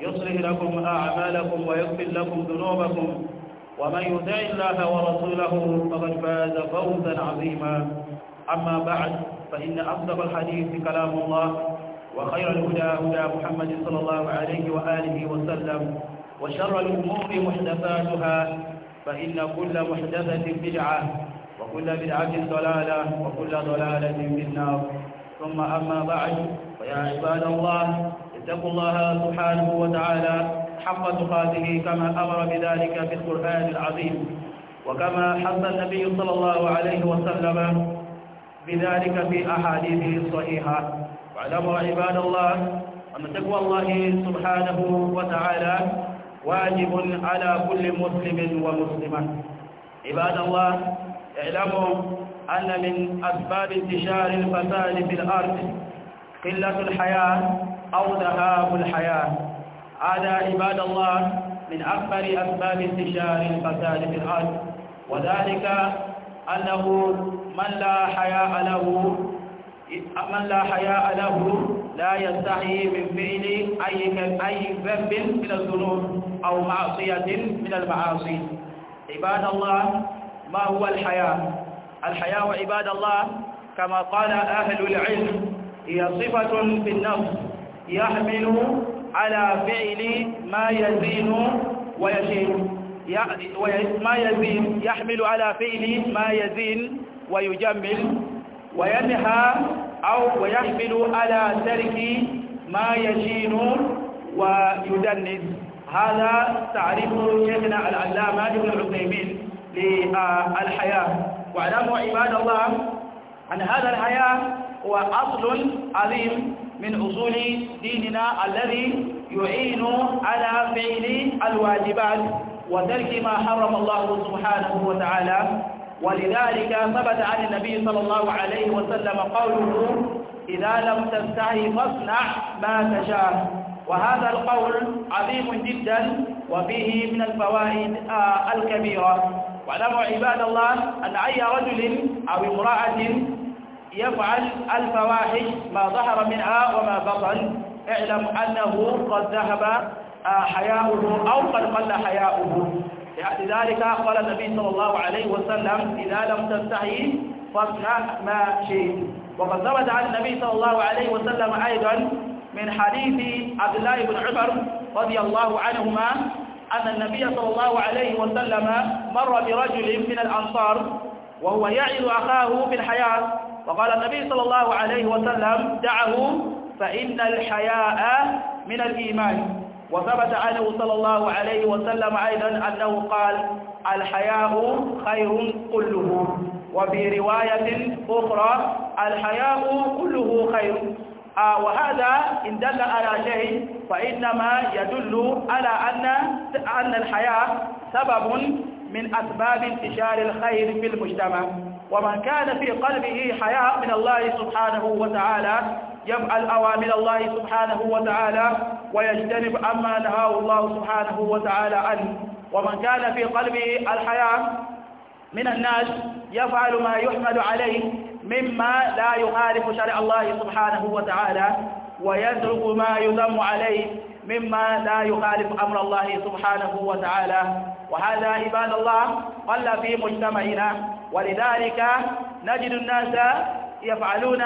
يصلح لكم أعمالكم ويغفر لكم ذنوبكم ومن يطع الله ورسوله فقد فاز فوزا عظيما أما بعد فإن أصدق الحديث كلام الله وخير الهدى هدى محمد صلى الله عليه وآله وسلم وشر الأمور محدثاتها فإن كل محدثة بدعة وكل بدعة ضلالة وكل ضلالة في النار ثم أما بعد فيا عباد الله اتقوا الله سبحانه وتعالى حق تقاته كما أمر بذلك في القرآن العظيم وكما حث النبي صلى الله عليه وسلم بذلك في أحاديثه الصحيحة واعلموا عباد الله أن تقوى الله سبحانه وتعالى واجب على كل مسلم ومسلمة عباد الله اعلموا أن من أسباب انتشار الفساد في الأرض قلة الحياة أو ذهاب الحياة هذا عباد الله من أكبر أسباب انتشار الفساد في الأرض وذلك أنه من لا حياء له من لا حياء له لا يستحي من فعل أي أي ذنب من الذنوب أو معصية من المعاصي عباد الله ما هو الحياء الحياء عباد الله كما قال أهل العلم هي صفة في النفس يحمل على فعل ما يزين ويشين ما يزين يحمل على فعل ما يزين ويجمل وينهى أو ويحمل على ترك ما يشين ويدنس هذا تعريف شيخنا العلامة ابن العثيمين للحياة واعلموا عباد الله أن هذا الحياة هو أصل عظيم من أصول ديننا الذي يعين على فعل الواجبات وترك ما حرم الله سبحانه وتعالى ولذلك ثبت عن النبي صلى الله عليه وسلم قوله إذا لم تستحي فاصنع ما تشاء وهذا القول عظيم جدا وفيه من الفوائد آه، الكبيرة واعلموا عباد الله أن أي رجل أو امرأة يفعل الفواحش ما ظهر منها وما بطن اعلم أنه قد ذهب آه، حياؤه أو قد قل حياؤه لذلك قال النبي صلى الله عليه وسلم إذا لم تستحي فاصنع ما شئت وقد ثبت عن النبي صلى الله عليه وسلم أيضا من حديث عبد الله بن عمر رضي الله عنهما أن النبي صلى الله عليه وسلم مر برجل من الأنصار وهو يعظ أخاه بالحياة وقال النبي صلى الله عليه وسلم دعه فإن الحياء من الإيمان وثبت عنه صلى الله عليه وسلم أيضا أنه قال الحياء خير كله وفي رواية أخرى الحياء كله خير آه وهذا إن دل على شيء فإنما يدل على أن أن الحياء سبب من أسباب انتشار الخير في المجتمع ومن كان في قلبه حياء من الله سبحانه وتعالى يفعل أوامر الله سبحانه وتعالى ويجتنب أما نهاه الله سبحانه وتعالى عنه ومن كان في قلبه الحياء من الناس يفعل ما يحمد عليه مما لا يخالف شرع الله سبحانه وتعالى ويترك ما يذم عليه مما لا يخالف أمر الله سبحانه وتعالى وهذا عباد الله قل في مجتمعنا ولذلك نجد الناس يفعلون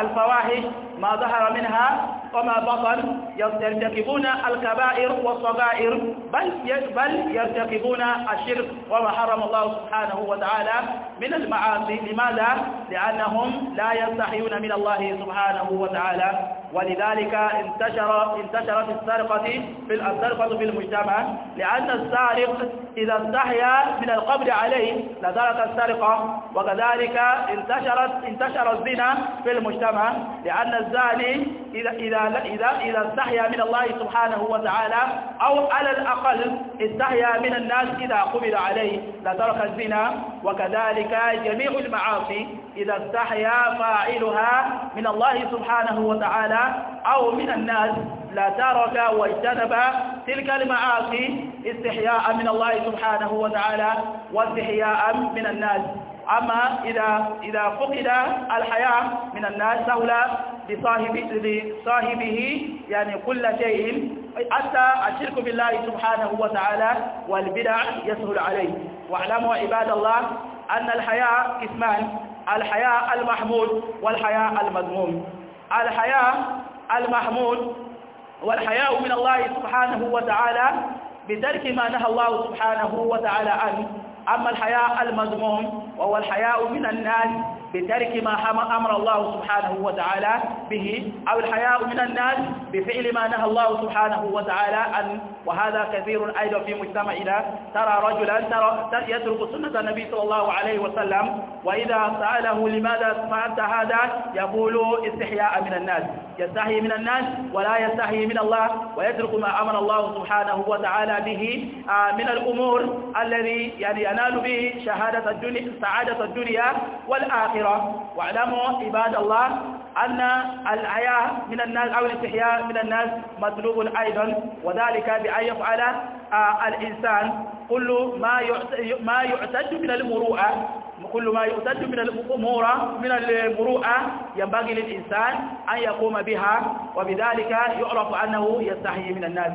الفواحش ما ظهر منها وما بطن يرتكبون الكبائر والصغائر بل بل يرتكبون الشرك وما حرم الله سبحانه وتعالى من المعاصي لماذا؟ لأنهم لا يستحيون من الله سبحانه وتعالى ولذلك انتشر انتشرت السرقة في السرقة في المجتمع لأن السارق إذا استحيا من القبر عليه لزالت السرقة وكذلك انتشرت انتشر الزنا في المجتمع لأن الزاني إذا إذا إذا إذا استحيا من الله سبحانه وتعالى أو على الأقل استحيا من الناس إذا قبل عليه لترك الزنا وكذلك جميع المعاصي إذا استحيا فاعلها من الله سبحانه وتعالى أو من الناس لا ترك واجتنب تلك المعاصي استحياء من الله سبحانه وتعالى واستحياء من الناس أما إذا, إذا فقد الحياة من الناس سهل لصاحبه يعني كل شيء حتى الشرك بالله سبحانه وتعالى والبدع يسهل عليه واعلموا عباد الله أن الحياء قسمان الحياء المحمود والحياء المذموم الحياء المحمود والحياء من الله سبحانه وتعالى بترك ما نهى الله سبحانه وتعالى عنه أما الحياء المذموم وهو الحياء من الناس بترك ما أمر الله سبحانه وتعالى به أو الحياء من الناس بفعل ما نهى الله سبحانه وتعالى أن وهذا كثير أيضا في مجتمعنا ترى رجلا ترى يترك سنة النبي صلى الله عليه وسلم وإذا سأله لماذا فعلت هذا يقول استحياء من الناس يستحي من الناس ولا يستحي من الله ويترك ما أمر الله سبحانه وتعالى به آه، من الأمور الذي يعني ينال به شهادة الدنيا سعادة الدنيا والآخرة واعلموا عباد الله أن الحياة من الناس أو الاستحياء من الناس مطلوب أيضا وذلك بأن يفعل آه، الإنسان كل ما ما يعتد من المروءة كل ما يؤتد من الأمور من المروءة ينبغي للإنسان أن يقوم بها وبذلك يعرف أنه يستحي من الناس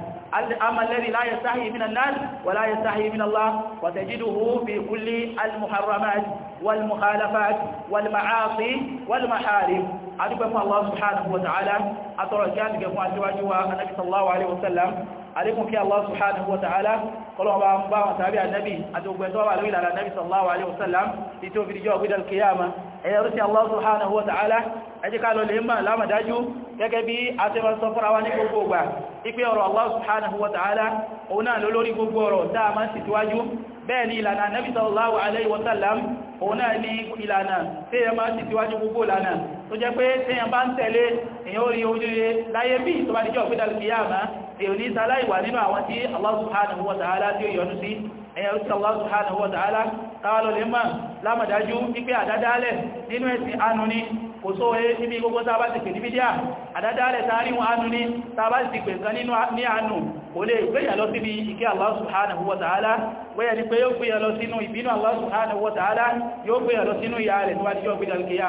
أما الذي لا يستحي من الناس ولا يستحي من الله وتجده في كل المحرمات والمخالفات والمعاصي والمحارم أدب الله سبحانه وتعالى أترى كان قبل النبي صلى الله عليه وسلم àlékún kí Allah subhanahu wa ta'ala kọlọ́wọ́ bá ń bá wọn tàbí ànábì àti ògbẹ̀ntọ́ wà lórí ìlànà ànábì sallallahu alaihi wasallam tí tó fi díjọ́ gbídal kiyama ẹ̀yẹ rúsí Allah subhanahu wa ta'ala ẹjẹ́ ká lọ lè mọ̀ lámàdájú gẹ́gẹ́ bí a ti mọ́ sọ fúnra wa ní gbogbo gbà ipé ọ̀rọ̀ Allah subhanahu wa ta'ala òun náà lólórí gbogbo ọ̀rọ̀ dáa máa sì tíwájú bẹ́ẹ̀ ni tó jẹ́ pé tí ẹ bá ń tẹ̀lé èyàn orí ojúre láyé bí tó bá níjọ́ ìpínlẹ̀ kìyàmá èyí ní sálá ìwà nínú àwọn tí Allah subhanahu wa ta'ala tí ó yọ́nú sí ẹ̀yà òsì Allah subhanahu wa ta'ala káàlọ̀ lè máa lámàdájú wípé àdádálẹ̀ nínú ẹ̀sìn ánú ní kò só ẹ níbi gbogbo tàbá ti pè níbi díà àdádálẹ̀ tààríwọ̀n ánú ní tàbá ti pè kan nínú ní ánú kò lè gbéyà lọ síbi ìkẹ́ Allah subhanahu wa ní pé yóò gbéyà lọ sínú ìbínú Allah subhanahu yóò gbéyà lọ sínú ìyà rẹ̀ níwájú ọgbẹ̀gbẹ̀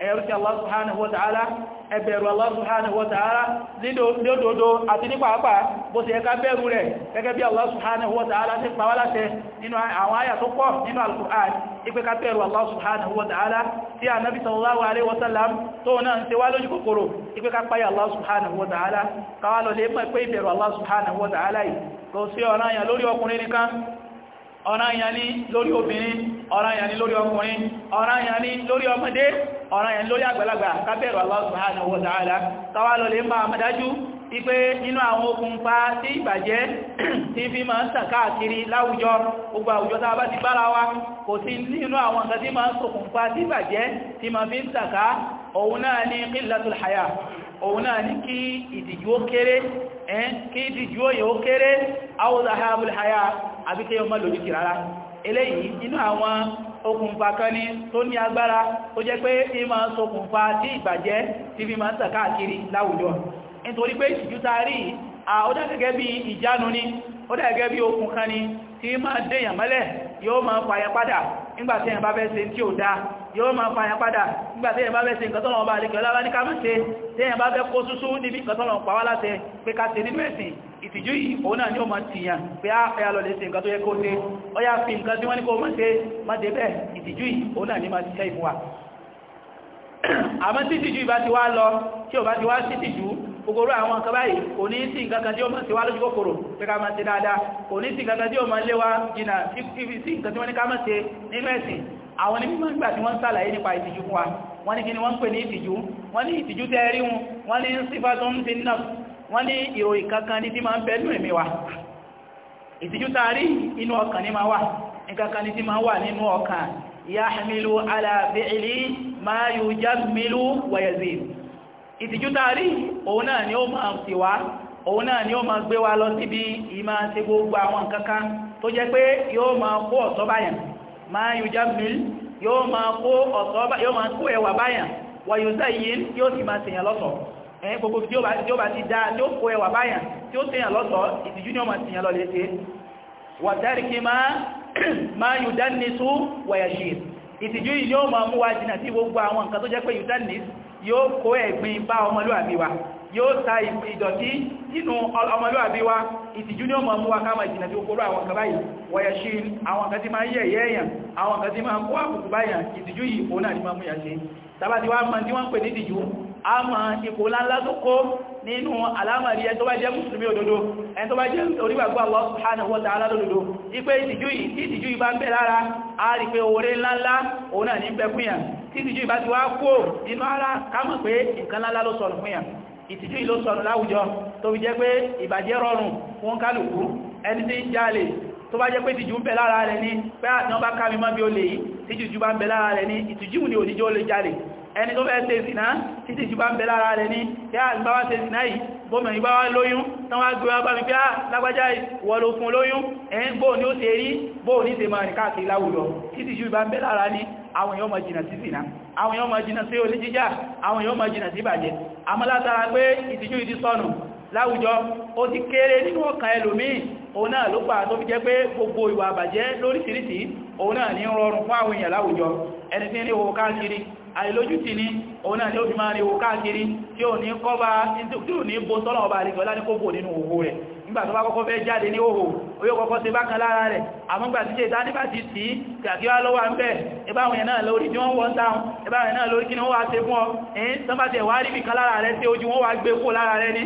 ẹ̀rùsí Allah subhanahu wa ta'ala ẹbẹ̀rù Allah subhanahu wa ta'ala lódòdó àti ní pàápàá bó ṣe ẹka bẹ̀rù rẹ̀ gẹ́gẹ́ bí Allah subhanahu wa ta'ala ti pàwà láṣẹ nínú àwọn àyà tó pọ̀ nínú al-Qur'an ipé ká bẹ̀rù Allah subhanahu wa ta'ala tí a nábi sallallahu alaihi wasallam tó náà ń ṣe wá lójú kòkòrò ipé ká Allah subhanahu yìí kò sí ọ̀ranyàn ọ̀ranyàn ni lórí obìnrin ọ̀ranyàn ni lórí ọkùnrin ọ̀ranyàn ni lórí ọmọdé ọ̀ranyàn ni lórí àgbàlagbà ká bẹ̀rù Allah subhanahu wa ta'ala káwà lọ lè máa mọ̀dájú ipé nínú àwọn okùnfà tí ìbàjẹ́ tí fi máa ń tàn káàkiri láwùjọ gbogbo àwùjọ tàà bá ti bára wa kò sí nínú àwọn nǹkan tí máa ń ṣokùnfà tí ìbàjẹ́ tí máa fi ń tàn ká òun náà ní kí ìdìjú ó kéré ẹ́ kí ìdìjú ó yẹ ó kéré awzahabul haya àbí kéèyàn má lòdì sí rárá eléyìí inú àwọn okùnfà kan ní tó ní agbára ó jẹ́ pé ìmọ̀ ṣokùnfà tí ìbàjẹ́ ti fi máa ń tàn káàkiri láwùjọ nítorí pé ìṣìjú taari ó dá bí ìjánu ni ó dá gẹ́gẹ́ bí okùn kan ni tí máa dèèyàn mọ́lẹ̀ yóò máa fàyẹ padà nígbàtí ẹ̀yàn bá fẹ́ ṣe tí ò dáa yóò máa fàyà padà nígbàtí ẹ̀yàn bá fẹ́ ṣe nǹkan tọ́lọ̀ ọba àlekẹ̀ ọlá bá ní ká mọ́ ṣe tí ẹ̀yàn bá fẹ́ kó súsú níbi nǹkan tọ́lọ̀ pàwá láti pé ká ṣe nínú ẹ̀sìn ìtìjú yìí òun náà ni ó máa tìyàn pé á ah, ẹ̀yà lọ ogoro àwọn nǹkan báyìí kò ní sí nǹkan kan tí ó máa ṣe wá lójú kòkòrò pé ká máa ṣe dáadáa kò ní sí nǹkan kan tí ó máa lé wa jìnà sí nǹkan tí wọ́n ní ká máa ṣe nínú ẹ̀sìn àwọn ní mímọ̀ nígbà tí wọ́n ń sàlàyé nípa ìtìjú fún wa wọ́n ní kí ni wọ́n ń pè ní ìtìjú wọ́n ní ìtìjú tẹ́ rí wọn wọ́n ní sífà tó ń fi náà wọ́n ní ìròyìn kankan ní tí máa ń bẹ nínú ẹ̀mí wa ìtìjú taari inú ọkàn ní máa wà nǹkan kan ní tí máa wà nínú ọkàn yahmilu ala fi'li ma yujammilu wa yazid ìtìjú tààrí òun náà ni ó máa sì wá òun náà ni ó máa gbé wa lọ síbi ìmá ṣe gbogbo àwọn kankan tó jẹ́ pé yóò máa kó ọ̀tọ́ báyàn máa yóò já mìí yóò máa kó ẹwà báyàn wọ̀yọ̀sá yìí yóò sì máa ṣèyàn lọ́sọ̀ ẹ̀yìn gbogbo tí ó bá ti dáa tí ó kó ẹwà báyàn tí ó yóò kó ẹ̀gbin bá ọmọlúwàbí wa yóò ta ìdọ̀tí nínú ọmọlúwàbí wa ìtìjú ní ọmọ mú wa káàmà ìjìnà tí ó kóró àwọn kan báyìí wọ̀yẹ̀ṣí àwọn kan tí máa ń yẹ̀yẹ́ èèyàn àwọn kan máa ń kó àkùkù báyàn ìtìjú yìí òun náà ni máa mú yà ṣe tàbá ti wá mọ̀ tí wọ́n ń pè ní ìdìjú a mọ̀ ipò láńlá tó kó nínú alámàrí ẹni tó bá jẹ́ mùsùlùmí òdodo ẹni tó bá jẹ́ orígbàgbọ́ Allah subhanahu wa ta'ala lódodo ipé ìtìjú yìí tí ìtìjú yìí bá ń bẹ lára a rí pé oore ńláńlá òun náà ní bẹkúnyàn tí ìtìjú yìí bá ti wá kó inú ara ká mọ̀ pé nǹkan ńláńlá ló sọnù fúnyàn ìtìjú yìí ló sọnù láwùjọ tó bá jẹ́ pé ìtìjú ń bẹ lára rẹ̀ ní pé àti bá ká mọ́ bí ó lè yìí tí ìtìjú bá ń bẹ lára rẹ̀ ní ìtìjú ni òdíjọ́ lè jalè ẹni tó fẹ́ ṣe ìsìná títí jù bá ń bẹ lára rẹ̀ ní yá àgbáwá ṣe ìsìná yìí gómìnà ìgbá wá lóyún tán wá gbé wá bá mi pé á ah, lágbájá ìwọ ló fún lóyún ẹ̀yìn bóò ní ó ṣe rí bóò ní ṣe máa rìn káàkiri láwùjọ títí jù bá ń bẹ lára ní àwọn èèyàn máa jìnà sí ìsìná àwọn èèyàn máa jìnà sí olè jíjà àwọn èèyàn máa jìnà sí ìbàjẹ́ àmọ́ látara pé ìtìjú ìdí sọnù láwùjọ ó ti kéré nínú ọkàn láwùjọ ẹni tí ní owó káàkiri àìlójútì ní òun náà ni ó fi máa ríwò káàkiri tí ò ní kọ́bá tí ò ní bó tọ́lọ̀ ọba àríkọ̀ láti kó bò nínú òhò rẹ̀ nígbà tó bá kọ́kọ́ fẹ́ jáde ní òhò oyó kọ́kọ́ ṣe bákan lára rẹ̀ àmúgbà tí ṣe ìdání bá ti tí kàkí wá lọ́wọ́ ń bẹ̀ ẹbáwọn yẹn náà lórí tí wọ́n wọ́n dáun ẹbáwọn yẹn náà lórí ni wọ́n wá ṣe fún ọ èyí tán bá tẹ̀ wá rí bìkan lára rẹ̀ tí ojú wọ́n wá gbé kó lára rẹ̀ ní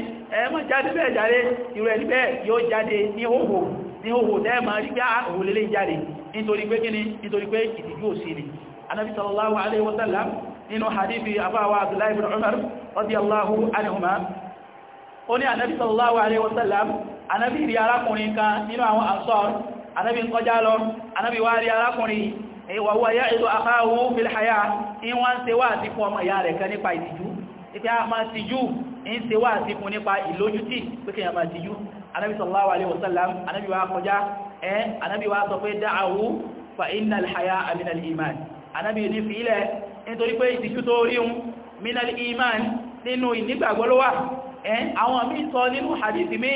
ah, nítorí pé kí ni nítorí pé ìtìjú òsì ni anábi sallallahu alaihi wasallam nínú hadithi afáwa abdullahi ibn umar radiyallahu anihuma ó ní anábi sallallahu alaihi wasallam anábi rí arákùnrin kan nínú àwọn ansar anábi ń kọjá lọ anábi wá rí arákùnrin wa huwa ya'idu akhahu fil haya in wá ń ṣe wá àti fún ọmọ ìyá rẹ̀ kan nípa ìtìjú ìfẹ́ a máa tìjú in ṣe wá àti fún nípa ìlójútì pé kí a máa tìjú anábi sallallahu alaihi wasallam anábi wá kọjá eh anábi wá sọ pé da'ahu fa inna al min al iman anábì ní fi ilẹ̀ nítorí pé ìtìjú tó rí un minal iman nínú ìnígbàgbọ́ ló wà ẹn àwọn míì sọ nínú hadithi míì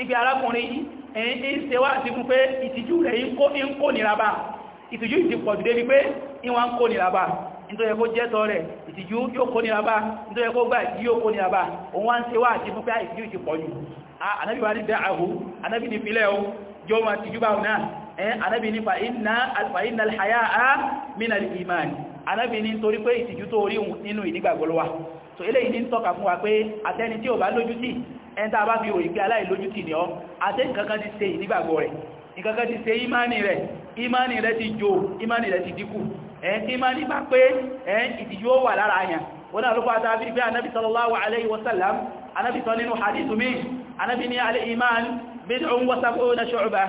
ibi arákùnrin ẹn ń ṣe wá sí fún pé ìtìjú rẹ̀ ń kó nira bá ìtìjú ìtì pọ̀ jù débi pé ìwọ̀n ń kó nira bá nítorí kó jẹ́tọ̀ rẹ̀ ìtìjú yóò kó nira bá nítorí kó gbà ìtìjú yóò kó nira bá òun wá ń ṣe wá àti fún pé ìtìjú ìtì pọ̀ jù anábì wá ní dáàhù anábì ní filẹ̀ o jọ anábì eh, ní fa'inna alhaya'a min al-iman anábì ní torí pé ìtìjú tó rí nínú ìdígbàgbọ́ ló wà so eléyìí ní tọ́ka fún wa pé àtẹni tí ò bá lójútì ẹn tá a bá fi òyìn pé aláìlójútì ni ọ àtẹ́ nǹkankan ti ṣe ìdígbàgbọ́ rẹ̀ nǹkankan ti ṣe ìmánì rẹ̀ ìmánì rẹ̀ ti jò ìmánì rẹ̀ ti dínkù ẹn tí ìmánì bá pé ẹn ìtìjú ó wà lára àyàn wọn náà ló bid'un wa sab'una shu'bah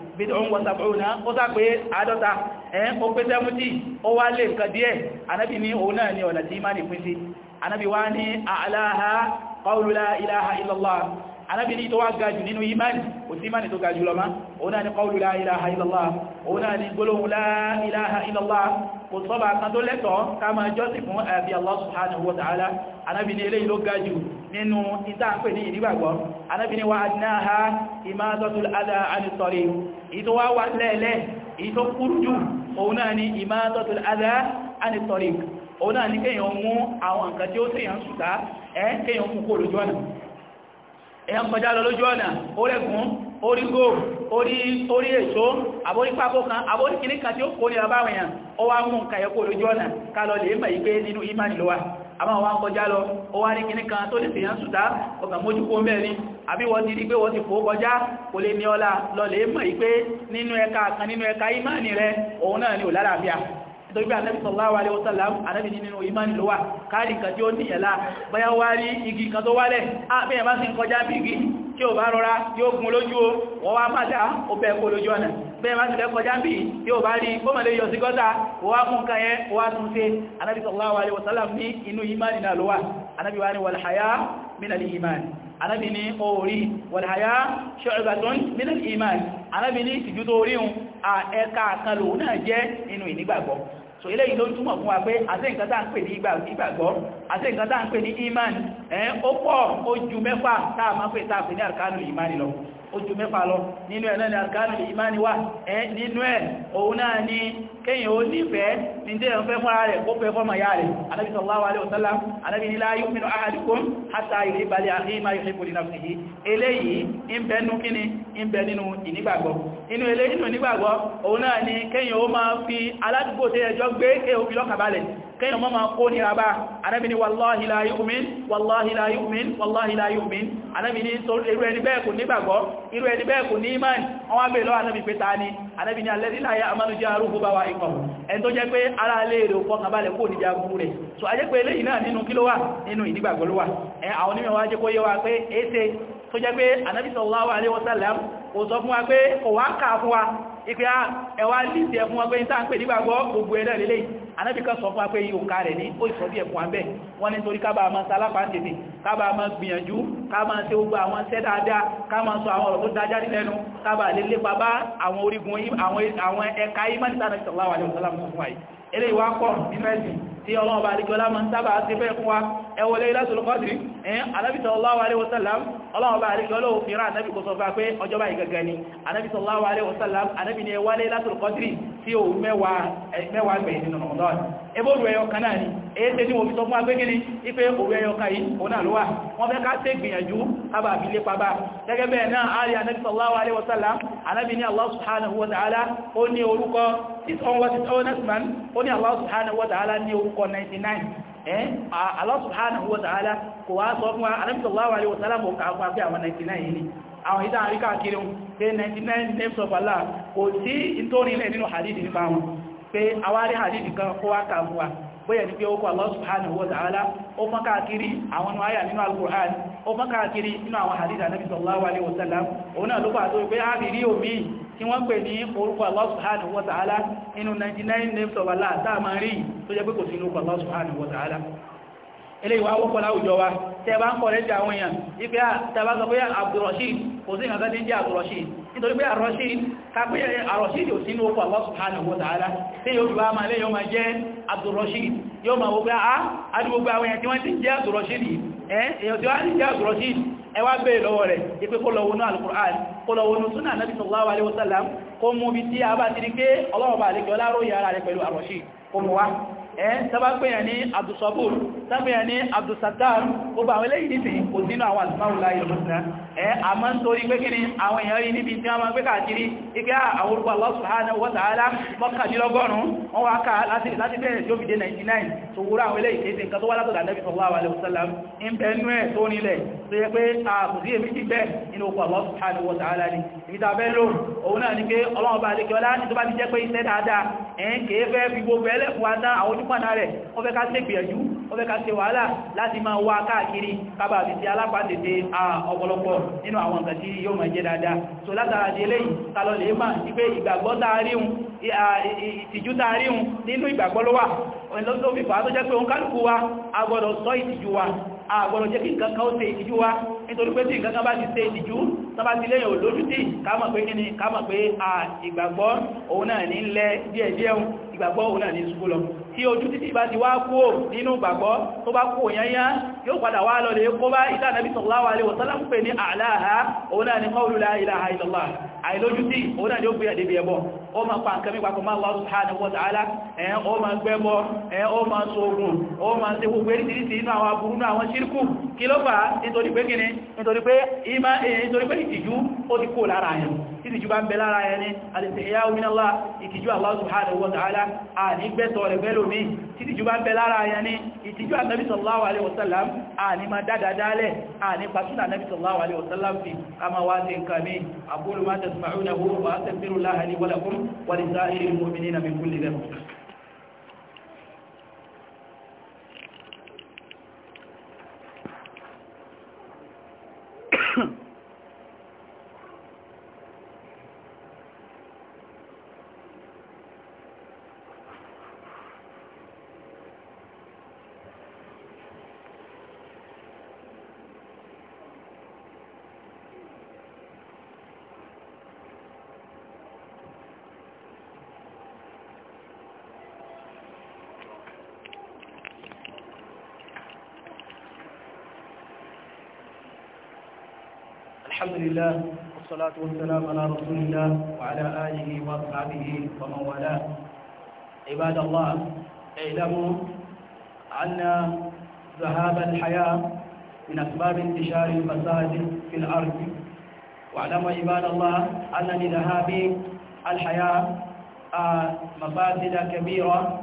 bid'un wa sab'una ó sá pé àádọ́ta ẹ̀ẹ́n ó pé sẹ́mútì ó wá lè nǹkan díẹ̀ anábì ní òun náà ni ọ̀nà tí má ní pín sí anábì wá ní àláha qawlu la ilaha illallah anábì ní tó wá ga jù nínú imani kò sí imani tó ga jù lọ ma òun náà ni qawlu la ilaha illallah òun náà ni gbólóhùn la ilaha illallah kò sọ́bà kan tó lẹ́tọ̀ọ́ ká máa jọ́sìn fún àbí Allah subhanahu wa ta'ala anábì ní eléyìí ló ga jù nínú ìtàǹpẹ̀ ní ìdígbàgbọ́ anábì ní wa adnaha imadatul adha 'anit èyí tó wá wà lẹ́ẹ̀lẹ́ èyí tó kúrú jù òun náà ni imatatul adha anit tariq òun náà ni kéèyàn mú àwọn nǹkan tí ó tèèyàn ṣùtá ẹ́ kéèyàn mú kó lójú ọ̀nà èyàn kọjá lọ lójú ọ̀nà ó rẹ̀gùn orí èso àbórí kan àbórí tí ó kó ní abáwẹ̀yàn ó wá mú nǹkan ẹ̀kọ́ lójú ọ̀nà lè mọ̀ ìgbé nínú imani lọ́wọ́ àbá wọn kọjá lọ ó wá rí kíní kan tó lè fèyàn sùtá ọkà mójúkó mẹ́rin àbí wọ́n ti rí pé wọ́n ti fò kọjá kò lè ní ọlá lọlẹ̀ mọ̀ ìpé nínú ẹ̀ka kan nínú ẹ̀ka ìmáàni rẹ òun náà ni ò lálàáfíà nítorí bí anábì sallallahu alaihi wasallam anábì nínú ìmáàni ló wà káàdì kan tí ó ní ẹ̀lá bóyá wá rí igi bẹ́ẹ̀ bá ti lẹ́ kọjá bí yóò bá rí ó mẹ́lẹ̀ yọ sí gọ́ta wà mú nǹkan yẹn wà tún ṣe anábi sallallahu alaihi wasallam ní inú imani náà ló wà anábi wà ní wàlhàyá mínàlì imani anábi ní orí wàlhàyá shu'batun mínàlì imani anábi ní ìtìjú tó ríun a ẹka àkàlò náà jẹ́ inú ìnígbàgbọ́ so eléyìí ló ń túmọ̀ fún wa pé àti nǹkan tá à ń pè ní ìgbàgbọ́ àti nǹkan tá à ń pè ní imani ẹ̀ ó pọ̀ ó mẹ́fà tá pè tá ní àrkánù imani lọ ojú mẹ́fà lọ nínú ẹ̀ náà ni àkánù ìmáni wà ẹ nínú ẹ̀ òun náà ni kéyàn ó nífẹ̀ẹ́ ní tí ẹ̀rùn fẹ́ fúnra rẹ̀ kó pẹ́ fọ́mà yá rẹ̀ Ànábì sallallahu alaihi wasallam Ànábì ní la yu'minu ahadukum hatta yuhibba li akhihi ma yuhibbu li nafsihi eléyìí ń bẹ nú kíni ń kẹ́yìn mọ́ máa kó ní rabá anábi ni wallahi la yu'min wallahi la yu'min wallahi la yu'min anábi ni irú ẹni bẹ́ẹ̀ kò nígbàgbọ́ irú ẹni bẹ́ẹ̀ kò ní imán ọwá bèèrè lọ́wọ́ anábi pé ta ni anábi ni ẹwà lìsì ẹ fún wa ń pè nígbàgbọ́ gbogbo ẹ̀rẹ́ lélẹ́yìí anábì kan sọ fún wa pé yíò ká rẹ̀ ní ó ìsọ bí ẹ̀kùn abẹ́ wọ́n ní torí kábà máa sálápàá tètè kábà máa gbìyànjú kábà ṣe gbogbo àwọn ṣẹ́ dáadáa kábà sọ àwọn ọ̀rọ̀ tó dájá ní lẹ́nu kábà lè lépa bá àwọn orígun àwọn ẹ̀ka imanita náà sallallahu alaihi wasallam fún wa tí ọlọ́ọ̀bá àríkọlá ma ń sábà ti fẹ́ fún wa ẹwọlé Lailatul Qadri ẹ̀yìn Ànábì sallallahu alaihi wasallam ọlọ́ọ̀bá àríkọlá òfinra Ànábì kò sọ fà pé ọjọ́bá ìgagà ni Ànábì sallallahu alaihi wasallam Ànábì ni ẹwà Lailatul Qadri tí ó mẹ́wàá gbẹ̀yìn nínú ọ̀dọ́ èése ní òfin sọ fún agbégíní ipé òwe ẹyọka yìí òun náà ló wà wọ́n fẹ́ ká tẹ́ gbìyànjú àbà àbílé pàbá gẹ́gẹ́ bẹ́ẹ̀ náà àárí anábi sallallahu alaihi wasallam anábi ní Allah subhanahu wa ta'ala ó ní orúkọ 619 99 eh Allah subhanahu wa ta'ala kò wá sọ fún anábi sallallahu alaihi wasallam ó 99 yìí àwọn ìdá àríkà kiri 99 names of Allah kò sí ìtórí ilẹ̀ nínú hadith nípa wọn pé àwárí hadith kan kó wá kàákọ́ bóyẹ̀ ní pé ó kọ Allah subhanahu wa ta'ala ó fọ́n káàkiri àwọn ayà nínú al-Qur'an ó fọ́n káàkiri nínú àwọn hadith Ànábì sallallahu alaihi wasallam òun náà ló pàá tó pé ààbìrí omi tí wọ́n pè ní orúkọ Allah subhanahu wa inú 99 names of Allah táà máa rí tó jẹ́ pé kò sí orúkọ eléyìí wá wọ́pọ̀ láwùjọ wa tẹ́ bá ń kọ̀ lẹ́jọ àwọn èèyàn ipé àtàbá ah, sọ pé Abdurrashid kò sí ìkàkà tí ń jẹ́ Abdurrashid nítorí pé Ar-Rashid kápé eh, Ar-Rashid ò sínú ọkọ̀ Allah subhanahu wa ta'ala tí yóò bá máa lé yóò máa jẹ́ Abdurrashid yóò máa wọ́pẹ́ ah, a adúgbogbo àwọn èèyàn tí wọ́n ti ń jẹ́ Abdurrashid eh, èèyàn tí wọ́n al-Qur'an kó lọ wọnú súnà Nabi sallallahu alaihi wasallam kó mú bí tí a bá ti rí rashid kó mú wá ẹ́ eh, sábà pèèyàn ní sabur sábẹ̀ ẹni abdulsatar gbogbo àwọn eléyìí nìsìn kò sínú àwọn alfáwùlá ìlúsìnà ẹ a ma ń torí pé kíni àwọn èèyàn rí níbi tí wọ́n ma gbé káàkiri ike ah, àwọn orúkọ Allah subhanahu wa ta'ala mọ́kàndínlọ́gọ́rùn-ún wọ́n wá ká láti bẹ̀rẹ̀ tí 99 tó wúrà àwọn eléyìí tẹ́sẹ̀ nǹkan tó sallallahu alaihi wasallam ń bẹ̀ẹ́nú ẹ̀ tó nílẹ̀ tó yẹ pé àkùsí ah, Allah subhanahu wa ni ìdàbẹ́ lóhùn òun náà ni pé ọlọ́ọ̀bá alékẹ́ọlá ní tó bá ti jẹ́ pé iṣẹ́ dáadáa ẹ̀yìn kèé fẹ́ fi gbogbo ẹlẹ́fún wa náà àwọn ojúpànà rẹ̀ wọ́n fẹ́ ká ṣe gbìyànjú wọ́n fẹ́ ká ṣe wàhálà láti máa wá káàkiri kábà àti ti alápàtètè ọ̀pọ̀lọpọ̀ nínú àwọn nǹkan tí yóò máa jẹ́ dáadáa so látara di eléyìí tàlọ lè máa àgbọ̀rọ̀ jẹ́ kí nǹkan kan ó se ìtìjú wa nítorí pé tí nǹkan kan bá ti ṣe ìtìjú tọ́bá ti lẹ́yìn olójútì ká mọ̀ pé kíni ká mọ̀ pé ìgbàgbọ́ òun náà ní lẹ́ díẹ̀díẹ̀ ìgbàgbọ́ òun náà ní ṣubú lọ tí ojú títí bá ti wá kúò nínú ìgbàgbọ́ tó bá kúò yányá yóò padà wá lọ lè kó bá ìtànàbí sallallahu alaihi wasallam pè ní àláha òun náà ní qawlu la ilaha illallah àìlójútì òun náà ni ó gbé àdébí ẹbọ ó ma pa nǹkan mípa kọ máa Allah subhanahu wa ta'ala ẹ̀yẹn ó ma gbẹ́bọ ẹ̀yẹn ó ma sóògùn ó ma ṣe gbogbo eréṣìíríṣìí inú àwọn aburú náà àwọn ṣírkù kí ló fà nítorí pé kíni eh, nítorí pé ìtìjú ó ti kó lára àyàn títìjú bá ń bẹ lára ẹni al-istihyaa'u min Allah ìtìjú Allah subhanahu wa ta'ala àní gbẹ́tọ̀ rẹ̀ bẹ́lò mí títìjú bá ń bẹ lára ẹni ìtìjú Ànábì sallallahu alaihi wasallam àní ma dáadáadáalẹ̀ àní pàtúnà Ànábì sallallahu alaihi wasallam fi kama wá sí nǹkan mi aqulu ma tasma'unahu wa astaghfirullaha li الحمد لله والصلاة والسلام على رسول الله وعلى آله وأصحابه ومن والاه عباد الله اعلموا أن ذهاب الحياة من أسباب انتشار الفساد في الأرض واعلموا عباد الله أن لذهاب الحياة آه، مفاسد كبيرة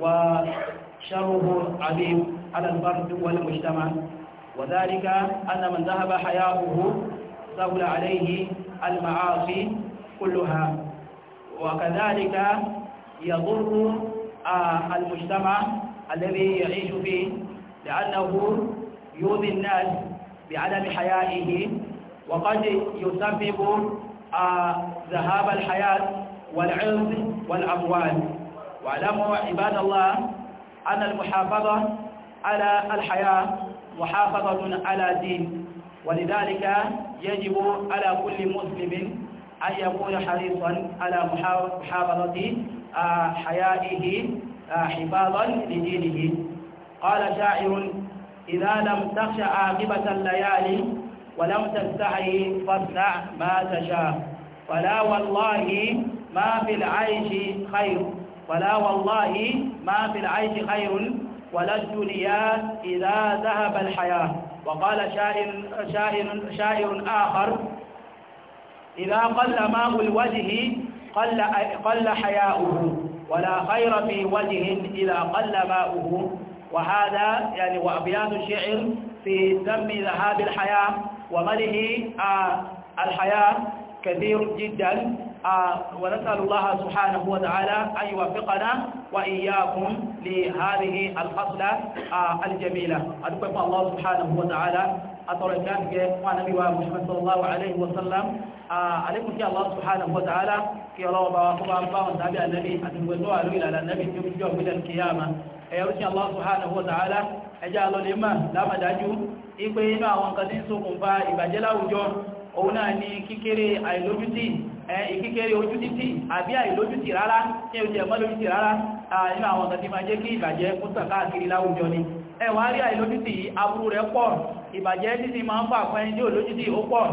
وشره عظيم على الفرد والمجتمع وذلك أن من ذهب حياؤه سهل عليه المعاصي كلها وكذلك يضر آه، المجتمع الذي يعيش فيه لأنه يؤذي الناس بعدم حيائه وقد يسبب آه، ذهاب الحياة والعرض والأموال واعلموا عباد الله أن المحافظة على الحياة محافظة على دين ولذلك يجب على كل مسلم أن يكون حريصا على محافظة آه، حيائه آه، حفاظا لدينه قال شاعر إذا لم تخش عاقبة الليالي ولم تستحي فاصنع ما تشاء فلا والله ما في العيش خير فلا والله ما في العيش خير ولا الدنيا إذا ذهب الحياة وقال شاعر, شاعر, شاعر آخر إذا قل ماء الوجه قل, قل حياؤه ولا خير في وجه إذا قل ماؤه وهذا يعني وأبيان الشعر في ذم ذهاب الحياة ومله آه، الحياة كثير جدا ونسأل الله سبحانه وتعالى أن يوفقنا وإياكم لهذه الخصلة الجميلة أدفع الله سبحانه وتعالى أترى كانك ونبي محمد صلى الله عليه وسلم عليكم يا الله سبحانه وتعالى كي الله وبركاته وبركاته تابع النبي أتنبذوا إلى النبي يوم يوم إلى القيامة ẹ̀yọ̀rúsí Allah subhanahu wa ta'ala ẹjá lọ lè máa lámàdájú ipé inú àwọn kan òun náà ni kíkéré àìlójútì ìkíkéré ojútítì àbí àìlójútì rárá tí ó jẹ́ mọ́lójútì rárá nínú àwọn ọ̀tọ̀ tí máa jẹ́ kí ìbàjẹ́ kó tàn káàkiri láwùjọ ni ẹwà rí àìlójútì aburú rẹ̀ pọ̀ ìbàjẹ́ títí máa ń fà fún ẹni tí òlójútì ó pọ̀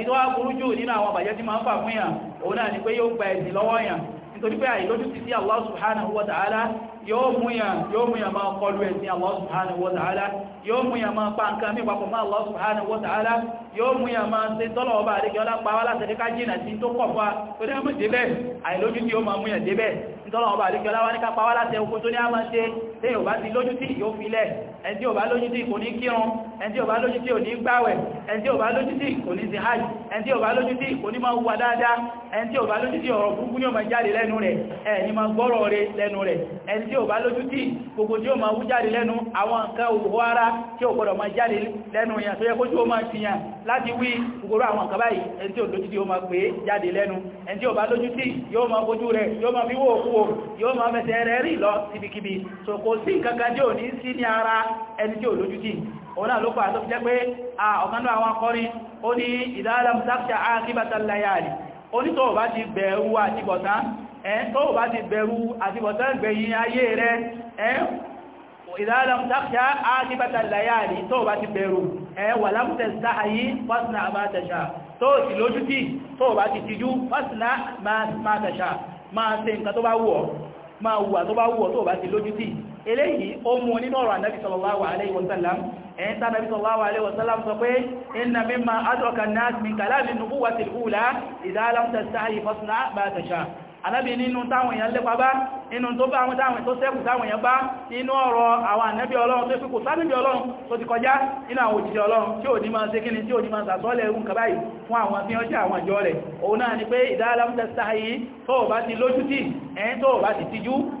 ìdọ́wà burú jù nínú àwọn ìbàjẹ́ tí máa ń fà fún yàn òun náà ni pé yóò gba ẹ̀sìn lọ́wọ́ yàn nítorí pé àìlójú ti sí Allah subhanahu wa ta'ala yóò mú yà máa kọlu ẹ̀sìn Allah subhanahu wa ta'ala yóò mú yà máa pa nǹkan mí papọ̀ mọ́ Allah subhanahu wa ta'ala yóò mú yà máa ṣe tọ́lọ̀ ọba àríkẹ́ ọlápá wá láti ríká jìnà sí tó kọ̀ fún wa tó ní àmú débẹ̀ àìlójú tí ó máa mú yà ẹni tí ò bá lójú tí kò ní kírun ẹni tí ò bá lójú tí ò ní gbáwẹ̀ ẹni tí ò bá lójú tí kò ní sí hajj ẹni tí ò bá lójú tí kò ní máa wà dáadáa ẹni tí ò bá lójú tí ọ̀rọ̀ burúkú ní ó máa jáde lẹ́nu rẹ̀ ẹni máa gbọ́rọ̀ rẹ̀ lẹ́nu rẹ̀ ẹni tí ò bá lójú tí gbogbo tí ó máa wú jáde lẹ́nu àwọn nǹkan òwò ara tí ò gbọ́dọ̀ máa jáde lẹ́nu yàn tó yẹ kójú ó máa ti yàn láti wí gbogbo àwọn nǹkan báyìí ẹni tí ò lójú tí ó máa pè jáde lẹ́nu ẹni tí ò bá lójú tí yóò máa kojú rẹ̀ yóò máa fi wó òkú yóò máa fẹsẹ̀ rẹ̀ rí lọ síbikíbi so kò sí nǹkan kan tí ò ní sí ní ara ẹni tí ò lójú tí òun náà ló pàá tó fi jẹ́ pé ọ̀kanú àwọn akọrin ó ní ìdáàlàm sáfíà àkíbàtà láyàrí ó ní tó bá ti bẹ̀rù àtibọ̀tán ẹ́ tó bá ti bẹ̀rù àtibọ̀tán gbẹ̀yìn ayé rẹ̀ ẹ́ ìdáàlàm sáfíà àkíbàtà láyàrí tó bá ti bẹ̀rù ẹ́ wà lámùtẹ̀sá ayé fásnà àbátẹ̀ṣà tó ti lójú tí tó bá ti tijú fásnà máa tẹ̀ṣà máa ṣe nǹkan tó bá wù ọ́ máa wùwà tó bá wù ọ́ eléyìí ó mú nínú ọ̀rọ̀ ànábì sallallahu alaihi wasallam ẹ̀yìn tá ànábì sallallahu alaihi wasallam sọ pé inna mimma adraka an-nas min kalami an-nubuwwati al-ula idha lam tastahi fasna' ma tasha' ànábì nínú táwọn èèyàn lépa bá inú tó bá àwọn táwọn tó sẹ́kù táwọn èèyàn bá inú ọ̀rọ̀ àwọn ànábì ọlọ́run tó fi kò sánàbí ọlọ́run tó ti kọjá inú àwọn òjìjì ọlọ́run tí ò ní máa ṣe kíni tí ò ní máa sàtọ́lẹ̀ ẹ̀rùn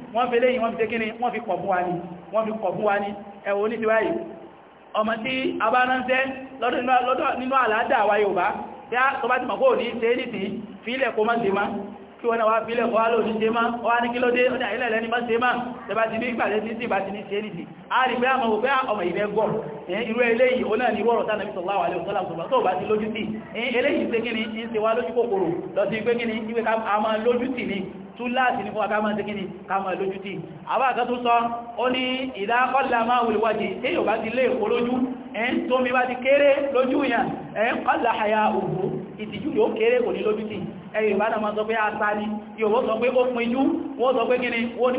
wọ́n fi léyìn wọ́n fi tẹ́kíní wọ́n fi kọ̀ fún wa ní wọ́n fi kọ̀ fún wa ní ẹ̀wọ̀ ní ti báyìí ọmọ tí a bá ránṣẹ́ nínú àládà wa Yorùbá tí a tó bá ti mọ̀kó ní ṣe ní ti fílẹ̀ kó má ṣe má kí wọ́n wá fílẹ̀ kó wá lò ní ṣe má wá ní kí ló dé ọdá ilẹ̀ lẹ́ni má ṣe má tẹba ti ní ìgbàlẹ̀ tí tí bá ti ní ṣe ní ti a rí pé àmọ̀ òpé ọmọ ìbẹ́ gọ̀ irú eléyìí ó náà ní wọ́rọ̀ tánà bí sọ̀lá wà lè ọ̀sọ́lá ọ̀sọ̀lá tó bá ti lójú tì eléyìí ṣe kí ni ń ṣe wá lójú túláàsì ní fún aká máa tẹ́kíní ká máa lójú tí àbá àkà tó sọ ó ní ìdákọ́lá máa wùlúwájì tí yóò bá ti lé èkó lójú ẹn tó mi bá ti kéré lójú yàn ẹn kọ́lá àyà ògbó ìtìjú yóò kéré kò ní lójú ni yóò sọ pé ó pinjú wọ́n sọ pé kíni wọ́n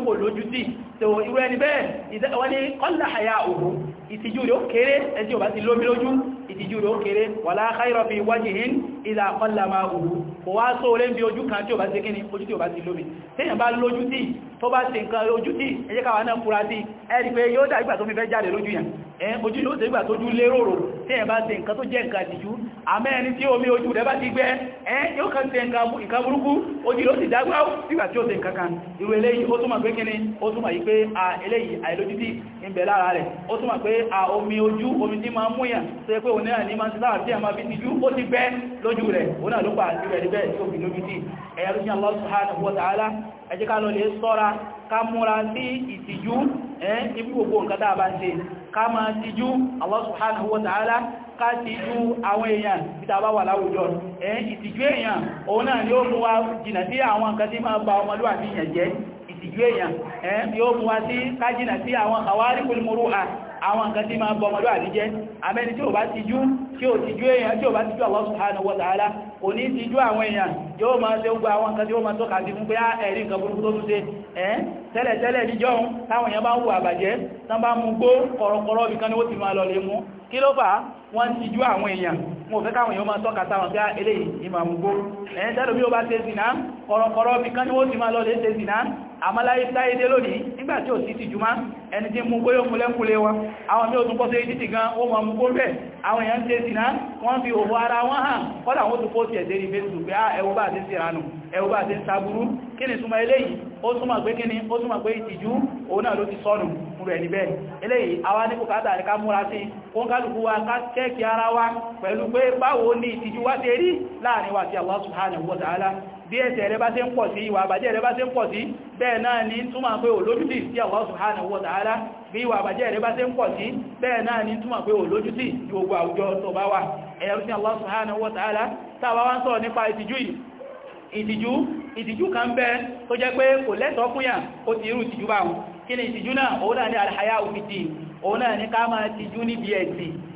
ní kò ìjú rẹ̀ ó kéré wàlá khayra fi wajhin idha qalla ma'uhu kò wá sóore bí ojú kan tí ò bá ti kíni ojú tí ò bá ti lómi téèyàn bá lójú tí tó bá ti nǹkan ojú tí ẹjẹ́ náà fura sí ẹ pé yóò dá ìgbà tó fi fẹ́ jáde lójú yẹn ojú yóò dé ìgbà tójú lérò tí ẹ̀ bá ṣe nǹkan tó jẹ́ nǹkan àtijú àmẹ́ẹni tí omi ojú rẹ̀ bá ti gbẹ́ ẹ́ yóò kàn ṣe nǹkan burúkú ojú ló ti dágbà nígbà tí ó ṣe nǹkan kan irú eléyìí ó túnmà pé kíni ó túnmà yí pé a eléyìí àìlójútì ń bẹ lára rẹ̀ ó túnmà pé a omi ojú omi tí máa mú tó yẹ pé òun ní máa ti lára tí a máa fi tijú ó ti gbẹ́ lójú rẹ̀ òun náà ló pa irú ẹ̀ níbẹ̀ tí ó fi lójú Allah subhanahu wa ta'ala ẹ lọ sọ́ra ká múra sí ìtìjú ibi gbogbo nǹkan tàà bá ṣe ká máa tìjú Allah subhanahu wa ta'ala ká tìjú àwọn èèyàn bí tàbá wà láwùjọ ìtìjú èèyàn òun náà yóò mú wa jìnà sí àwọn nǹkan tí máa ba ọmọlúwàbí èèyàn jẹ́ ìtìjú èèyàn yóò mú wa sí ká jìnà sí àwọn àwárí kulmuru àwọn nǹkan tí máa bọmọlú àdíjẹ́ amẹ́ni tí ó bá ti jú tí ó ti jú èèyàn tí ó bá ti jú Allah subhanahu wa ta'ala kò ní ti jú àwọn èèyàn yóò máa ṣe ń gba àwọn nǹkan tí ó máa tọ́ka sí fún pé ah, ẹ̀rí nǹkan burúkú tó tún ṣe ẹ́ tẹ́lẹ̀tẹ́lẹ̀ níjọ́ wọ́n ti jú àwọn èèyàn mo fẹ́ káwọn èèyàn máa tọ́ka sáwọn bí á ah, eléyìí ìmàmùgbó ẹ̀yìn tẹ́lò bí ó bá ṣe zìnà kọ̀rọ̀kọ̀rọ̀ bí kán ní ó ti máa lọ lè ṣe zìnà àmàláyé táyédé lónìí nígbàtí ò sí ti jùmá ẹni tí mú gbóyó mú lẹ́kúlé wa àwọn mí ò tún pọ́sẹ̀ ìdítì gan ó ma mú gbóòrẹ̀ àwọn èèyàn tẹ́ sí náà wọ́n fi òwò ara wọ́n hàn kọ́dà wọ́n tún pọ́sẹ̀ ẹ̀dẹ́rì mẹ́sù pé á ah, ẹwọ́ bá àti ìranù ẹwọ́ bá àti ìsaburú kí ni súnmọ́ eléyìí ó túnmà pé kíni ó túnmà pé ìtìjú òun náà ló ti sọ́nù rẹ̀ àtẹ́kì ara wa pẹ̀lú pé báwo ni ìtìjú wá ṣe rí láàrin wa sí Allah subhanahu wa ta'ala bí ẹ̀ṣẹ̀ rẹ bá ṣe ń pọ̀ sí ìwà àbàjẹ́ rẹ bá ṣe ń pọ̀ sí bẹ́ẹ̀ náà ni túnmà pé olójútì sí Allah subhanahu wa ta'ala bí ìwà àbàjẹ́ rẹ bá ṣe ń pọ̀ sí bẹ́ẹ̀ náà ni túnmà pé olójútì ju ogun àwùjọ tó bá wà ẹ̀rọ sí Allah subhanahu wa ta'ala tàbá wá ń sọ nípa ìtìjú ìtìjú ìtìjú kan bẹ tó jẹ́ pé kò lẹ́tọ̀ọ́ fún yàn ó ti irú ìtìjú báwọn kí ni ìtìjú náà òun náà ni alhaya òfìdí òun náà ni ká máa tìjú níbi ẹ̀sìn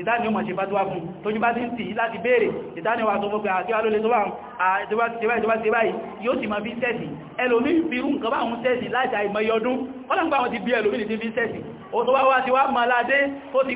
ìdáni ó mọ̀ ṣe fàtíwá fún tó ní bá ti ń tì láti béèrè ìdáni wà tó fọ́pẹ́ àti wà ló lè tó bá ah, ṣe báyìí yóò sì máa fi sẹ́sì ẹlòmí bírú nǹkan bá ń sẹ́sì láti àìmọye ọdún ọlọ́pàá àwọn ti bí ẹlòmí ní ti fi sẹ́sì ó tó wá wá ti wá máa láadé ó ti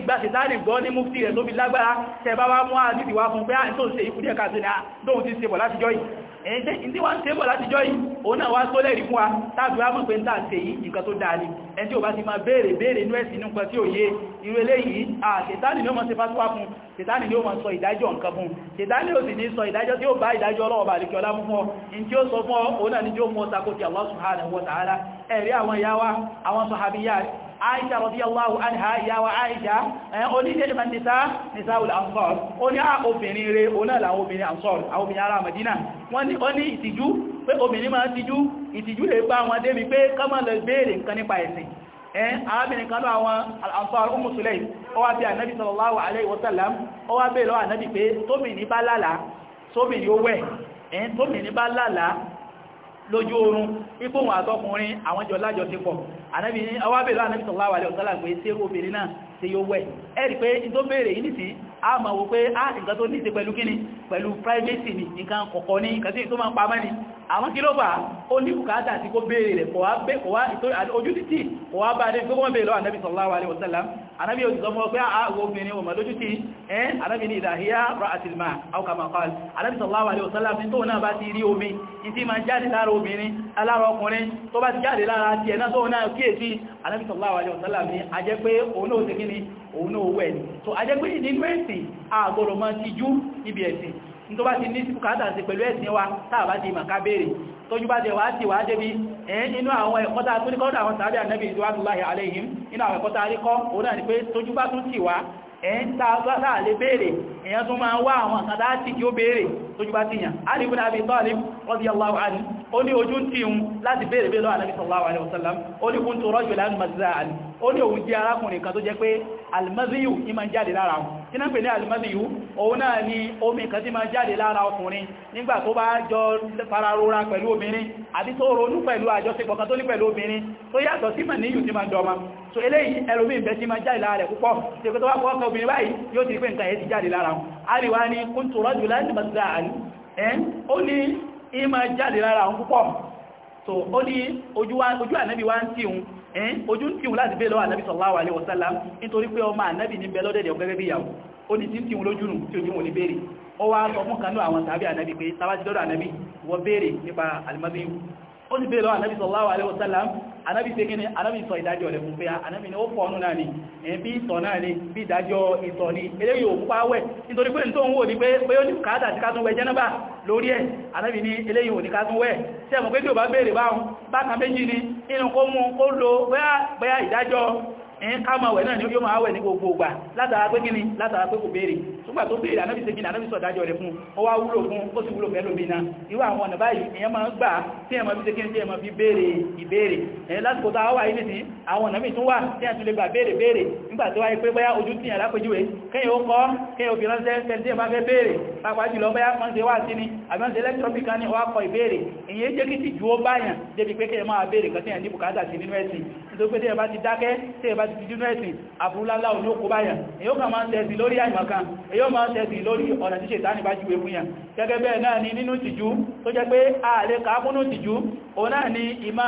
ẹ̀yìn tí wọ́n ń tẹ́bọ̀ láti jọ yìí òun náà wá tó lẹ́rìí fún wa tàbí wá mọ̀ pé ń tàà tẹ́ yìí nǹkan tó dáa ní ẹni tí ó bá ti máa béèrè béèrè inú ẹ̀sìn nípa tí ó yé irú eléyìí àṣẹ̀tánì ni ó mọ́ sí fásitì fún ṣẹ̀tánì ni ó mọ́ sọ ìdájọ́ nǹkan fún ṣẹ̀tánì ó sì ní sọ ìdájọ́ tí ó bá ìdájọ́ ọlọ́wọ́ bá àríkẹ́ ọlá mú fún ọ in tí ó sọ fún ọ ni tí ó mú Allah subhanahu wa ta'ala ẹ̀rí àwọn ìyá wa àwọn sọ̀hábíyà aisha radiyallahu anha ìyàwó aisha eh, onídé man nisa nisaul ansar ó ní a ah, obìnrin rẹ̀ oná àwọn obìnrin ansar àwọn obìnrin ará madina wọ́n ní ó ní ìtìjú pé obìnrin máa tìjú ìtìjú lè bá wọn débi pé kọ́mọ̀ lè béèrè nǹkan nípa ẹ̀sìn ẹn eh, arábìnrin kan náà àwọn al'amfar umu sulaim ó wá bí ànábì sallallahu alaihi wasallam ó wá bèèrè pé tómìnì ipò wọn àtọkùnrin àwọn jọ lájọ ti pọ̀ ànábì ní awábẹ̀lú ànábì sallallahu alaihi wasallam pé tí ó obìnrin náà ti yóò wẹ̀ ẹ̀rì pé tó bèèrè yìí nìsín a ma wo pé a ah, nǹkan tó níṣe pẹ̀lú kíni pẹ̀lú privacy ni nǹkan kọ̀kọ̀ ní nǹkan tí tó máa pamọ́ ni àwọn kí ló fà ó ní bùkátà tí kó béèrè rẹ̀ kò wá ojú títì kò wá bá dé pé wọ́n béèrè lọ ànábì sallallahu alaihi wasallam ànábì òjì sọmọ pé àwọn ah, obìnrin wọn lójú tí ẹn ànábì ní ìdàhíyá ra'atilma aw kama qal ànábì sallallahu alaihi wasallam ní tóun náà bá ti rí omi ìtí ma jáde lára obìnrin alára ọkùnrin tó bá ti jáde lára ti ẹ̀nà tóun náà kíyèsí ànábì sallallahu alaihi wasallam ní a jẹ́ pé òun náà ó ṣe kíni òun náà ó wẹ̀ so a jẹ́ pé nínú ẹ̀sìn ẹ̀sìn àgbọ̀rọ̀ mọ́ ti jú níbi ẹ̀sìn ní tó bá ti ní bùkátà sí pẹ̀lú ẹ̀sìn wa tààbá ti màká béèrè tójú bá jẹ wá ti wá débi ẹ̀yìn inú àwọn ẹ̀kọ́ tá tó ní kọ́ àwọn sàábì ànẹ́bì ìdíwádùláhì aléhìm inú àwọn ẹ̀kọ́ tá rí kọ́ òun náà ni pé tójú bá ti wá ẹ̀yìn tààbá lè béèrè èyàn tún máa wá àwọn àkàdá tí kí ó béèrè tójú bá ti Ali ibn Abi Talib radiyallahu anhu ó ní ojú ń tí un láti béèrè bẹ́ẹ̀ lọ́wọ́ ànẹ́bì sallallahu alaihi wasallam ó ní kuntu ó ní òun jẹ́ arákùnrin kan tó jẹ́ pé almaziyu ní ma jáde lára wọn tí pè ní almaziyu òun náà ni omi kan tí ma jáde lára ọkùnrin nígbà tó bá jọ fara rora pẹ̀lú obìnrin àti tó ronú pẹ̀lú àjọṣepọ̀ kan tó ní pẹ̀lú obìnrin tó yàtọ̀ sí mà níyù tí ma dọ̀ma so eléyìí ẹlòmí ìbẹ̀ tí ma jáde lára rẹ̀ púpọ̀ tí ó tó wá pọ̀ obìnrin báyìí yóò ti pé nǹkan ẹ̀ ti jáde lára wọn àríwá ni kúntù láti bàtà jáde lára wọn púpọ̀ so ó ní ojú ànábì wá ń tí òun ẹ́n ojú ń tí òun láti bẹ́ẹ̀ lọ́wọ́ ànábì sallallahu alaihi wasallam nítorí pé ọmọ ànábì ní bẹ́lọ́dẹ̀dẹ̀ ọgẹ́gẹ́ bí ìyàwó ó ní tí ń tí òun lójú nù tí ojú wọn ní béèrè ó wá sọ fún kanú àwọn tàbí ànábì pé tàbí dọ́dọ̀ sallallahu alaihi wasallam anábì ṣe kíni anábì sọ ìdájọ́ rẹ̀ fún pé anábì ah, ni ó pọ̀ ọ̀nù náà ni bí ìtọ̀ náà ni bí ìdájọ́ ìtọ̀ ni eléyìí ò púpá wẹ̀ nítorí pé tó ń wò ní pé pé ó ní kàádà tí ká tún wẹ jẹ́nàbà lórí ẹ̀ anábì ni eléyìí ò ní ká tún wẹ̀ tí pé tí ò bá béèrè báhùn bákan méjì ni inú kó mú kó lo bóyá ìdájọ́ ẹ̀yìn ká máa wẹ̀ náà ni yóò máa wẹ̀ ní gbogbo ìgbà látara pé kíni látara pé kò béèrè ṣùgbà tó béèrè ànábì ṣe kíni ànábì sọ dájọ́ rẹ̀ fún ó wá wúlò fún ó sì wúlò fẹ́ lómi náà irú àwọn ọ̀nà báyìí èèyàn máa gbà tí èèyàn máa fi ṣe kíni tí èèyàn máa fi béèrè ìbéèrè ẹ̀yìn lásìkò tá a wà yìí nìsín àwọn ọ̀nà míì tún wà tí èèyàn tún lè gbà béèrè béèrè nígbà tó wáyé pé bóyá ojú tìyàn lápèjúwe kéèyàn ó kọ́ kéèyàn òbí ránṣẹ́ kẹ́ni tí èèyàn bá fẹ́ béèrè pàápàá jùlọ bóyá wọ́n ṣe wá sí ni àbí wọ́n ṣe lẹ́tírọ́pì kan ní ọwá kọ ìbéèrè èyí jẹ́ kí tìjú ó báyàn débi pé kéèyàn máa béèrè kan tí èèyàn ní bùkátà nítorí pé tí ẹ bá ti dákẹ́ tí ẹ bá ti dínú ẹ̀sìn àbúrúláńlá òní ó kó báyàn èyó kà máa ń tẹ̀sì lórí àìmọ̀kan èyó máa ń tẹ̀sì lórí ọ̀nà tí ṣètánì bá jùwé fún yàn gẹ́gẹ́ bẹ́ẹ̀ náà ni nínú tìjú tó jẹ́ pé ààlẹ́ kàákúnnù tìjú òun náà ni ìmá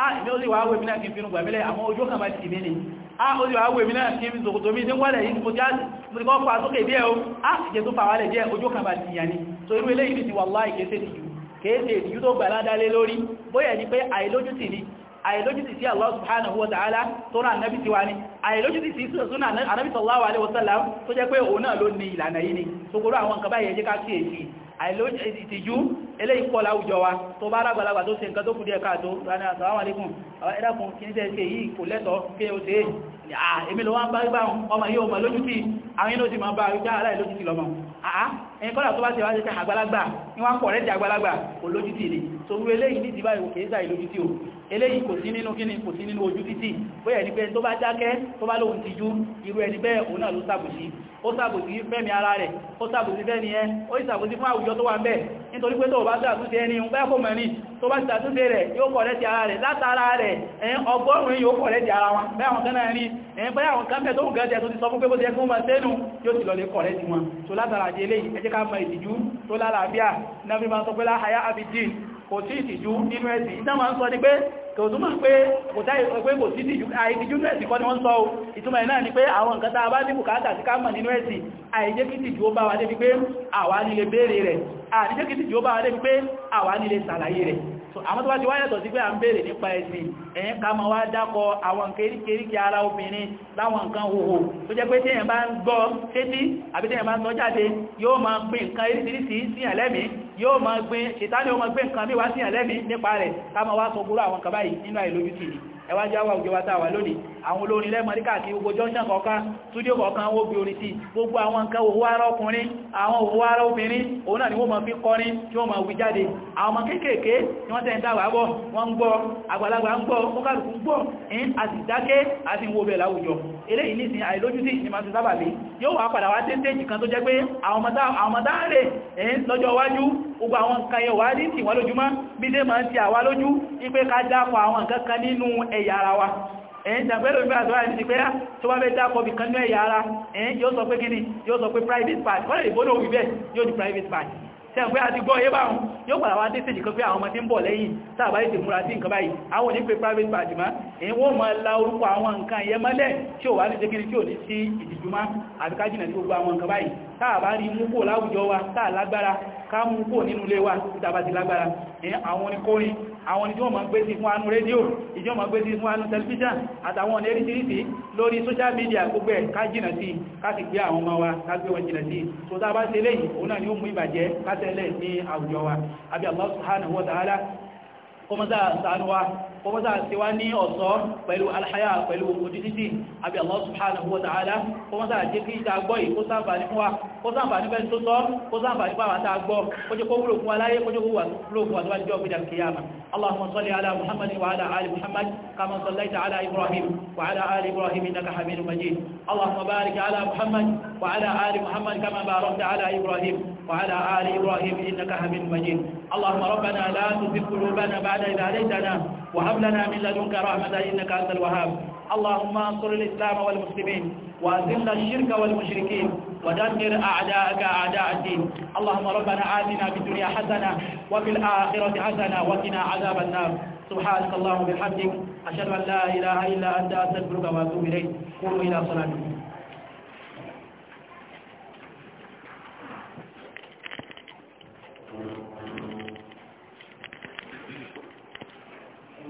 ah ìmẹ́ ó sì wà áwẹ̀ mìíràn kí n fi rúgbà mílẹ̀ àwọn ojú kan bá ti ìmẹ́ ni ah ó sì wà áwẹ̀ mìíràn kí n fi sòkòtò mí níwọ́lẹ̀ yìí mo ti kọ́ fà sókè bí ẹ o ah ìjẹ́ tó fàwálẹ̀ jẹ́ ojú kan bá ti yàn ni so irú eléyìí ti wà láì kéèsè tìjú kéèsè tìjú tó gbà ládálé lórí bóyá ni pé àìlójútì ni àìlójútì sí Allah subhanahu wa ta'ala tó rán annabi tiwa ni àìlójútì sí súnà annabi sallallahu alaihi wasallam tó jẹ́ pé òun náà ló ní ìlànà yìí ni so gbogbo àwọn nǹkan báyìí ẹ jẹ́ ká kíyèsí àìlóyìn ìtìjú eléyìí pọ̀ láwùjọ wa tó bá rágbàlagbà tó ṣe nǹkan tó kù díẹ̀ káàtó rani àsàwọn àlékún ẹ̀dàkùn kí ní tẹ́ ṣe yìí kò lẹ́tọ̀ọ́ kí o ṣe èmi ló wá ń bá rí báhùn ọmọ yóò mọ̀ lójútì àwọn inú ti máa bá rí jáàrá ìlójútì lọ́mọ àá ẹni kọ́lá tó bá ṣe wá ṣe àgbàlagbà ní wọ́n pọ̀ rẹ́jì àgbàlagbà kò lójútì ni tó rú eléyìí ní ó sàbòsí fẹ́mi ara rẹ̀ ó sàbòsí fẹ́ni ẹ ó ìsàbòsí fún àwùjọ tó wà ń bẹ̀ nítorí pé tó bá sàtúnṣe ẹni ń bẹ́ kò mọ̀ ní tó bá sàtúnṣe rẹ̀ yóò kọ̀rẹ́ ti ara rẹ̀ látara rẹ̀ ẹ̀yìn ọgọ́rùn-ún yóò kọ̀rẹ́ ti ara wọn bẹ́ àwọn kan náà rí ẹ̀yìn bẹ́ àwọn kan bẹ̀ tó ń gẹ́jẹ́ tó ti sọ fún pé bó ti ẹkún ma sẹ́nu yóò ti lọlé kọ̀rẹ́ ti wọn tó látara di eléyìí ẹ jẹ́ ká mọ ìtìjú tó lálàáfíà náà fi kò sí ìtìjú nínú ẹ̀sìn ìtàmà ń sọ ní pé kò túnmà pé kò táì ni wọ́n ni pé àwọn nǹkan tá a bá ní bùkátà sí káàmà nínú ẹ̀sìn àìjẹ́ kí ìtìjú ó bá wa débi pé àwa nílé béèrè rẹ̀ àìjẹ́ kí ìtìjú so àwọn tó wá ti wá yàtọ̀ sí pé à ń bèèrè nípa ẹ̀sìn ẹ̀yìn ká ma wá dákọ àwọn kéríkèríkè ara obìnrin láwọn nǹkan hòhò tó jẹ́ pé téèyàn bá ń gbọ́ sétí àbí téèyàn bá ń sọ jáde yóò ma gbé nǹkan eríṣiríṣi sí ẹ̀lẹ́mí yóò ma gbé ṣètánì ó ma gbé nǹkan bí wá sí ẹ̀lẹ́mí nípa rẹ̀ ká ma wá sọ gbúrú àwọn kàbáyìí nínú àìlójútì ẹwà ń jáwà wa tàwà lónìí àwọn olórin lẹ́mọ̀rí káàkiri gbogbo junction kọ̀ọ̀kan studio kọ̀ọ̀kan wó bí orin sí gbogbo àwọn nǹkan òwò ara ọkùnrin àwọn òwò ara obìnrin òun náà ni wọ́n mọ̀ fi kọrin tí wọ́n mọ̀ wí jáde àwọn ọmọ kéékèèké ni wọ́n tẹ́ ń dáwà bọ́ wọ́n ń gbọ́ àgbàlagbà ń gbọ́ kókàlùkù ń gbọ́ ń ni máa ti sábàbí yóò wá padà wá tẹ́ntẹ́jì kan tó jẹ́ pé àwọn ọmọdá gbogbo àwọn nǹkan yẹn wà ní tì wọ́n lójúmọ́ bí dé máa ń ti àwa lójú ipé ká dápọ̀ àwọn nǹkan kan nínú ẹ̀yà ara wa ẹ̀yìn ìjàpẹ́lò ìgbà àtọ́wà ní pé ah, tó wá mẹ́ dápọ̀ bí kan ní ẹ̀yà ara private part wọ́n lè bọ́nà òwúbẹ̀ yóò private part tẹ́gbẹ́ àti gbọ́ ẹbá wọn yóò pàdà wá dé sèjì kan pé àwọn ọmọ tí ń bọ̀ lẹ́yìn private part máa èyí wọ́n máa la orúkọ àwọn nǹkan ẹ̀yẹ mọ́lẹ̀ tí ó wà ní jẹ́kiri tí ó ní sí ìdìjúmá àdíkájìnà tí gbogbo àwọn nǹkan báyìí táà bá rí mú kò láwùjọ wa táà lágbára ká mú kò nínú ilé wa ìtàbá ti lágbára àwọn oníkórin àwọn ni tí wọ́n máa gbé sí fún anú rédíò ìjọ máa gbé sí fún social media gbogbo ẹ̀ ká jìnà sí ká sì gbé àwọn ọmọ wa ká gbé wọn jìnà sí tó tá bá ṣe Allah subhanahu wa ta'ala kọmọ́sá kọmọ́sá àti wá ní ọ̀sọ́ pẹ̀lú alhaya pẹ̀lú òdídídì àbí Allah subhanahu wa ta'ala kọmọ́sá àti kí ìta gbọ́ yìí kó sáàbà ní fún wa kó sáàbà ní fẹ́ tó sọ kó sáàbà ní fáwọn àta gbọ́ kó jẹ́ kó wúlò fún aláyé kó jẹ́ kó wúlò fún wa tó wá jọ gbìdà kìyàmà Allahumma salli ala Muhammad wa ala ali Muhammad kama sallaita ala Ibrahim wa ala ali Ibrahim innaka Hamidum Majid Allahumma barik ala Muhammad wa وهب لنا من لدنك رحمة إنك أنت الوهاب اللهم انصر الإسلام والمسلمين وأذل الشرك والمشركين ودمر أعداءك أعداء الدين اللهم ربنا آتنا في الدنيا حسنة وفي الآخرة حسنة وقنا عذاب النار سبحانك اللهم وبحمدك أشهد أن لا إله إلا أنت أستغفرك وأتوب إليك قوموا إلى صلاتكم Thank you.